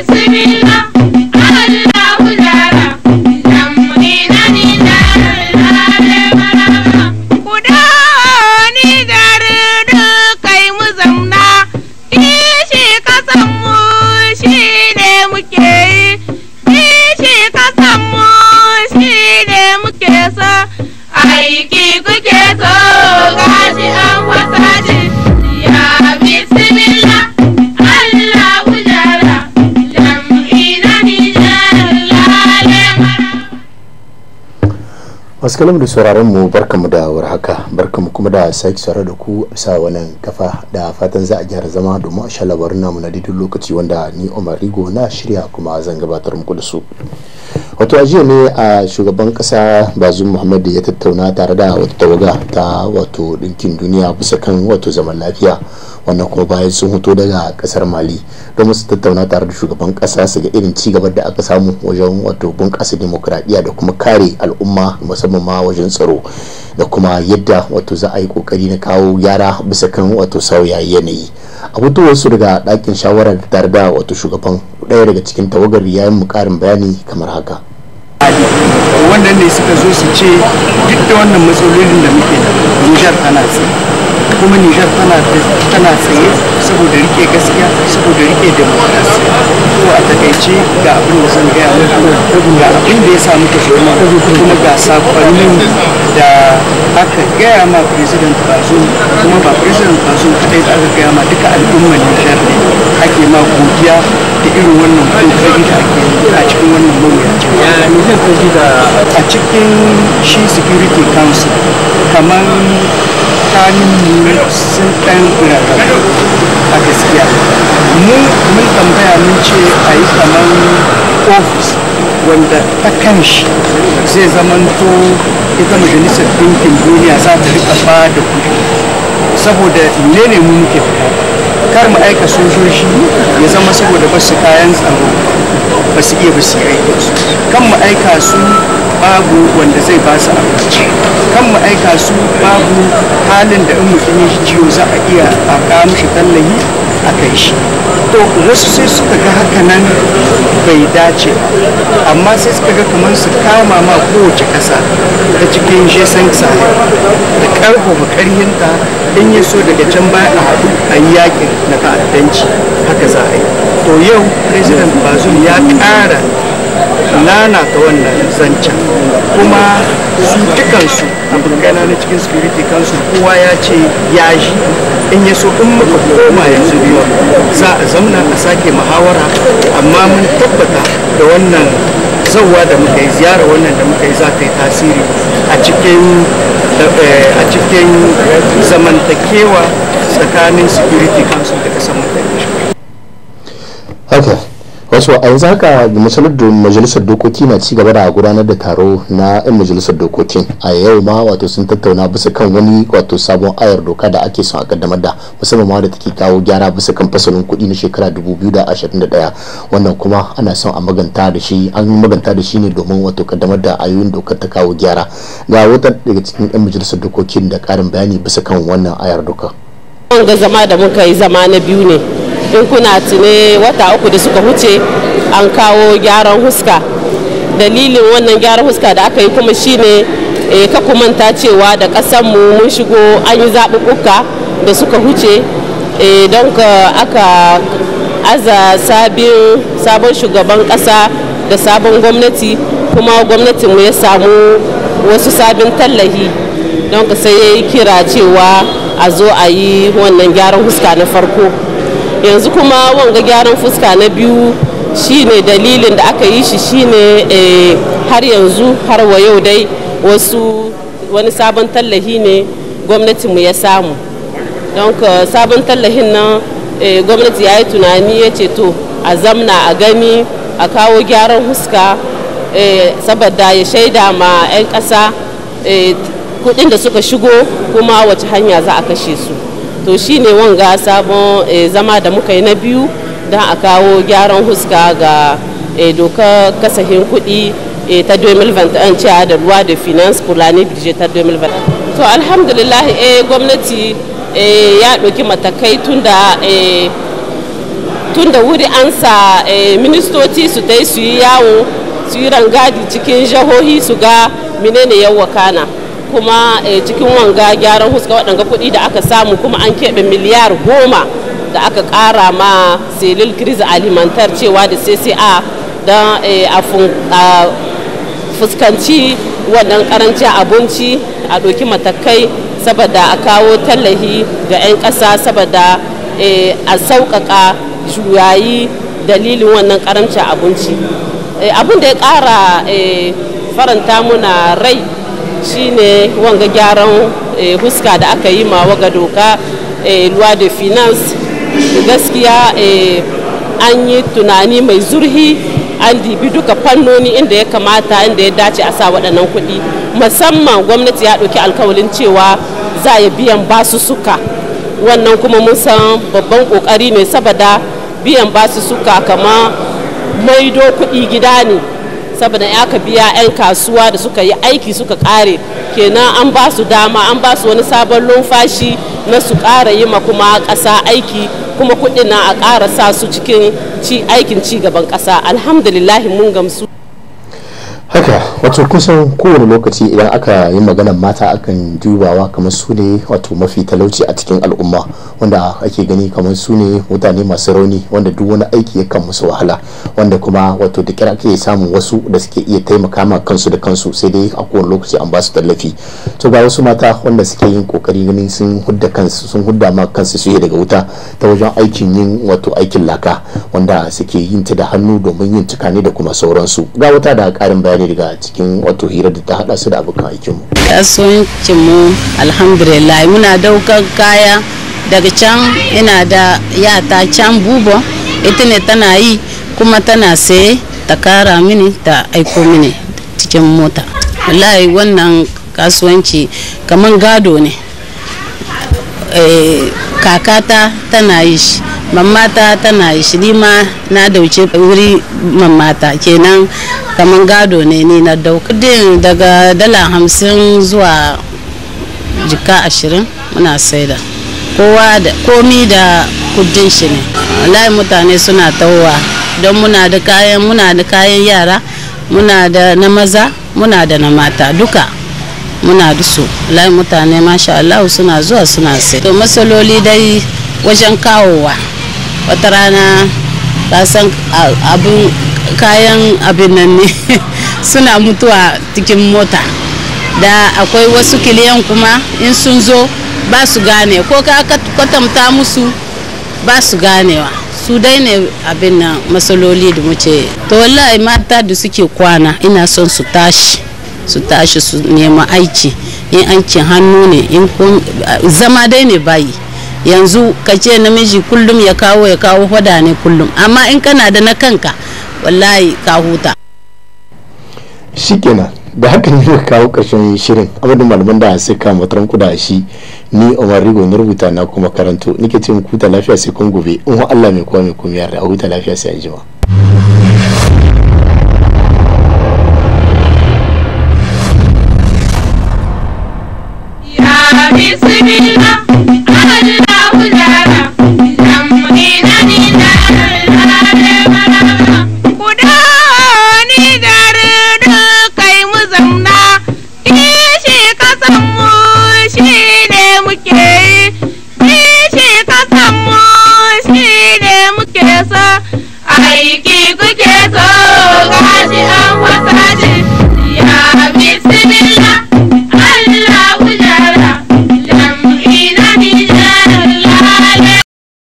бессмельно wasu kalamu da sauraron mu barkamu da warhaka barkamu kuma da sake saurare da ku sa wannan kafa da fatan za a gyara zama domin a sha labarin namu na didin lokaci wanda ni Omar Rigo na shirya kuma zan gabatar muku da su wato a jiya ne a shugaban kasa bazum muhammad ya tattauna tare da wata tawaga ta wato dinkin duniya bisa kan wato zaman lafiya wannan kuma bayan sun hoto daga kasar mali don su tattauna tare da shugaban kasa su ga irin ci da aka samu wajen wato bunƙasa demokradiyya da kuma kare al'umma musamman ma wajen tsaro da kuma yadda wato za a yi kokari na kawo yara bisa kan wato sauya yanayi a wasu daga dakin shawarar tare da wato shugaban ɗaya daga cikin tawagar ya yi mu ƙarin bayani kamar haka wannan ne suka zo su ce duk da wannan matsalolin da muke da nijar tana tsaye kuma nijar tana tsaye saboda rike gaskiya saboda rike demokrasiya a takaice ga abin da zan gaya muku ga abin da ya samu ta zoma kuma ga sakonnin da aka gaya ma president bazoum kuma ba president bazoum kadai da aka gaya ma duka al'ummar nijar ne ake ma godiya da irin wannan kokari da ake a cikin wannan mawuyacin a cikin shi security council kamar tsakanin mu sun ɗan rarrabu a gaskiya mu mun tambaya mun ce a yi kamar ofis wanda ta shi zai zamanto ita majalisar ɗinkin duniya za ta riƙa ba da kuɗi saboda ne ne mu muke fita kar mu aika sojoji ya zama saboda ba su kayan tsaro ba su iya ba su aiki kan mu aika su babu wanda zai ba su abinci kan mu aika su babu halin da in mutum yi jiyo za a iya a kawo tallahi a kai shi to wasu sai suka ga haka nan bai dace amma sai suka ga kamar su kama ma kowace ƙasa ta cikin jesan sahel da ƙarfafa ƙarhinta in ya so daga can baya a haɗu a yi yakin na ta'addanci haka za a yi to yau president bazum ya ƙara ta wannan zancen kuma su dukansu abokana na cikin security kansu kowa ya ce ya ji in ya so in muka koma yanzu biyu za a zamna a sake muhawara amma mun tabbata da wannan zauwa da muka yi ziyara wannan da muka yi za ta yi tasiri a cikin eh, zamantakewa tsakanin security council da so a yanzu haka majalisar dokoki na ci gaba da gudanar da taro na 'yan majalisar dokoki a yau ma wato sun tattauna bisa kan wani wato sabon ayar doka da ake son a kaddamar da musamman ma da take kawo gyara bisa kan fasalin kuɗi na shekara 2021 wannan kuma ana son a maganta da shi an maganta da shi ne domin wato kaddamar da ayoyin dokar ta kawo gyara ga wata daga cikin 'yan majalisar dokokin da karin bayani bisa kan wannan ayar doka. ga zama da muka yi zama na biyu ne in kuna tune wata uku da suka huce an kawo gyaran huska dalilin wannan gyaran huska da aka yi kuma shine e, ka kumanta cewa da mu mun shigo an yi zaɓuɓɓuka da suka huce eh, don ka aka aza sabon shugaban ƙasa da sabon gwamnati kuma gwamnatin mu ya samu wasu sabin tallahi don ka sai ya yi kira cewa a zo a yi wannan gyaran huska na farko yanzu kuma wanga gyaran fuska na biyu shine dalilin da aka yi shi shine eh, har yanzu har wa yau dai wasu wani sabon tallahi ne gwamnatinmu ya samu don sabon tallahin nan eh, gwamnati ya yi tunani ya ce to a zamna a gani a kawo gyaran huska eh, saboda ya shaida ma 'yan ƙasa kudin da suka shigo kuma wace hanya za a kashe su to shine wanga sabon eh, zama da muka yi na biyu don a kawo gyaran huska ga eh, dokar kasahin kudi eh, ta an cewa da ruwa da finance pour budget ta 2020 to alhamdulillah gwamnati ya ɗauki matakai tunda tunda wuri an sa ministoci su ta su yi yawo su yi rangadi cikin jihohi su ga menene yawwa kana kuma eh, cikin wanga gyaran huska waɗanga kuɗi da aka samu kuma an keɓe miliyar goma da aka ƙara ma selil krizi alimantar cewa da cca don eh, a fuskanci wannan karancin abinci a ɗauki matakai saboda a kawo tallahi ga 'yan ƙasa saboda eh, a sauƙaƙa juyayi dalilin wannan karancin abinci abin da ya ƙara faranta muna rai shine wanga gyaran eh, huska da aka yi ma waga doka eh, luwa da finance gaskiya eh, an yi tunani mai zurhi an dibi duka fannoni inda ya kamata inda ya dace a sa waɗannan kuɗi musamman gwamnati ya ɗauki alkawalin cewa za ya biyan basu suka wannan kuma mun san babban ƙoƙari ne saboda biyan basu suka kama maido kuɗi gida ne saboda ya ka biya 'yan kasuwa da suka yi aiki suka kare kenan an ba su dama an ba su wani sabon numfashi na su kara yi ma kuma ƙasa aiki kuma kuɗi na a ƙara sa su cikin aikin ci gaban ƙasa alhamdulillahi mun gamsu haka wato kusan kowane lokaci idan aka yi maganar mata akan dubawa kamar su ne wato mafi talauci a cikin al'umma wanda ake gani kamar su ne mutane masu rauni wanda duk wani aiki ya kan musu wahala wanda kuma wato da kira ake samun wasu da suke iya taimaka ma kansu da kansu sai dai a kowane lokaci an ba su tallafi to ga wasu mata wanda suke yin kokari ganin sun hudda kansu sun hudda ma kansu su daga wuta ta wajen aikin yin wato aikin laka wanda suke yin ta da hannu domin yin tukane da kuma sauransu ga wata da karin bayani ne daga cikin wato hira da ta hada su da abokan aikin mu kasuwancin mu alhamdulillah muna daukar kaya daga can ina da yata can bubo ita ne tana yi kuma tana saye ta kara mini ta aiko mini cikin mota wallahi wannan kasuwanci kaman gado ne eh, kakata tana yi shi mamata tana shi ni ma na dauce wuri mamata kenan kamar gado ne ni na dauka din daga dala hamsin zuwa jika ashirin muna saida kowa da komi da kudin shi ne wallahi mutane suna tawowa don muna da kayan muna da kayan yara muna da na maza muna da na mata duka muna da su wallahi mutane masha Allah suna zuwa suna sai to masaloli dai wajen kawowa wata rana san abin kayan abin nan ne suna mutuwa cikin mota da akwai wasu kiliyan kuma in sun zo ba su gane ko ka kwatanta musu ba su ganewa su dai ne abin nan matsaloli da muke to wallahi mata da suke kwana ina son su tashi su tashi su nema aiki in aikin hannu ne in zama dai ne bayi yanzu ka ce namiji kullum ya kawo ya kawo hoda ne kullum amma in kana da na kanka wallahi ka huta kenan da haka ne muka kawo karshen shirin abinda malaman da ka mataran kuda shi ni Omar Rigo na rubuta na kuma karanto nike ce muku huta lafiya sai kun gobe in Allah mai kowa mai komiyar da huta lafiya sai anjima بسم Yeah.